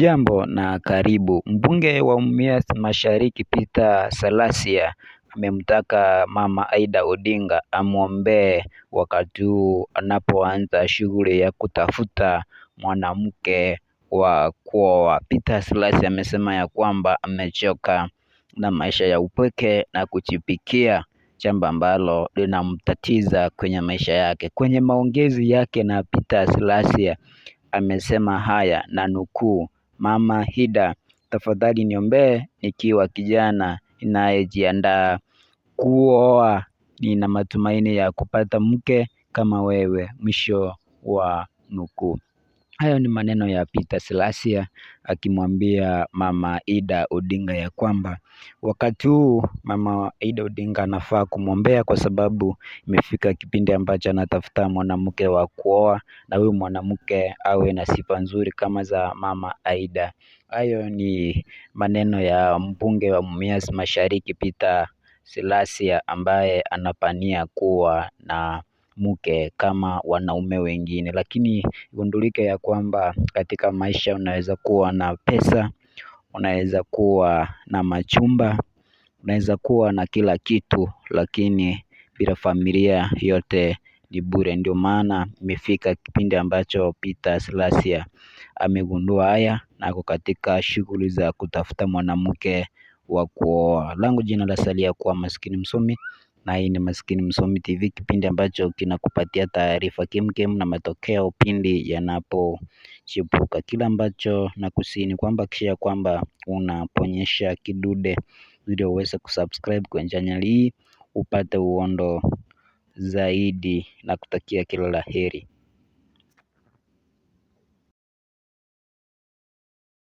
Hujambo na karibu. Mbunge wa Mumias Mashariki Peter Salasya amemtaka Mama Aida Odinga amwombee wakati huu anapoanza shughuli ya kutafuta mwanamke wa kuoa. Peter Salasya amesema ya kwamba amechoka na maisha ya upweke na kuchipikia, jambo ambalo linamtatiza kwenye maisha yake. Kwenye maongezi yake na Peter Salasya amesema haya na nukuu Mama Hida, tafadhali niombee nikiwa kijana ninayejiandaa kuoa. Nina matumaini ya kupata mke kama wewe. Mwisho wa nukuu. Hayo ni maneno ya Peter Selasia akimwambia Mama Ida Odinga ya kwamba wakati huu Mama Ida Odinga anafaa kumwombea, kwa sababu imefika kipindi ambacho anatafuta mwanamke wa kuoa na huyu mwanamke awe na sifa nzuri kama za Mama Aida. Hayo ni maneno ya mbunge wa Mumias Mashariki Peter Selasia ambaye anapania kuwa na mke kama wanaume wengine Lakini igundulike ya kwamba katika maisha unaweza kuwa na pesa Unaweza kuwa na machumba Unaweza kuwa na kila kitu Lakini bila familia yote ni bure ndio maana imefika kipindi ambacho Peter Slasia amegundua haya na ako katika shughuli za kutafuta mwanamke wa kuoa langu jina la salia kuwa maskini msomi na hii ni Maskini Msomi TV kipindi ambacho kinakupatia taarifa kemkem na matokeo pindi yanapochipuka. kila ambacho nakusihi ni kwamba kisha kwamba unaponyesha kidude ili uweze kusubscribe kwenye channel hii upate uondo zaidi na kutakia kila la heri.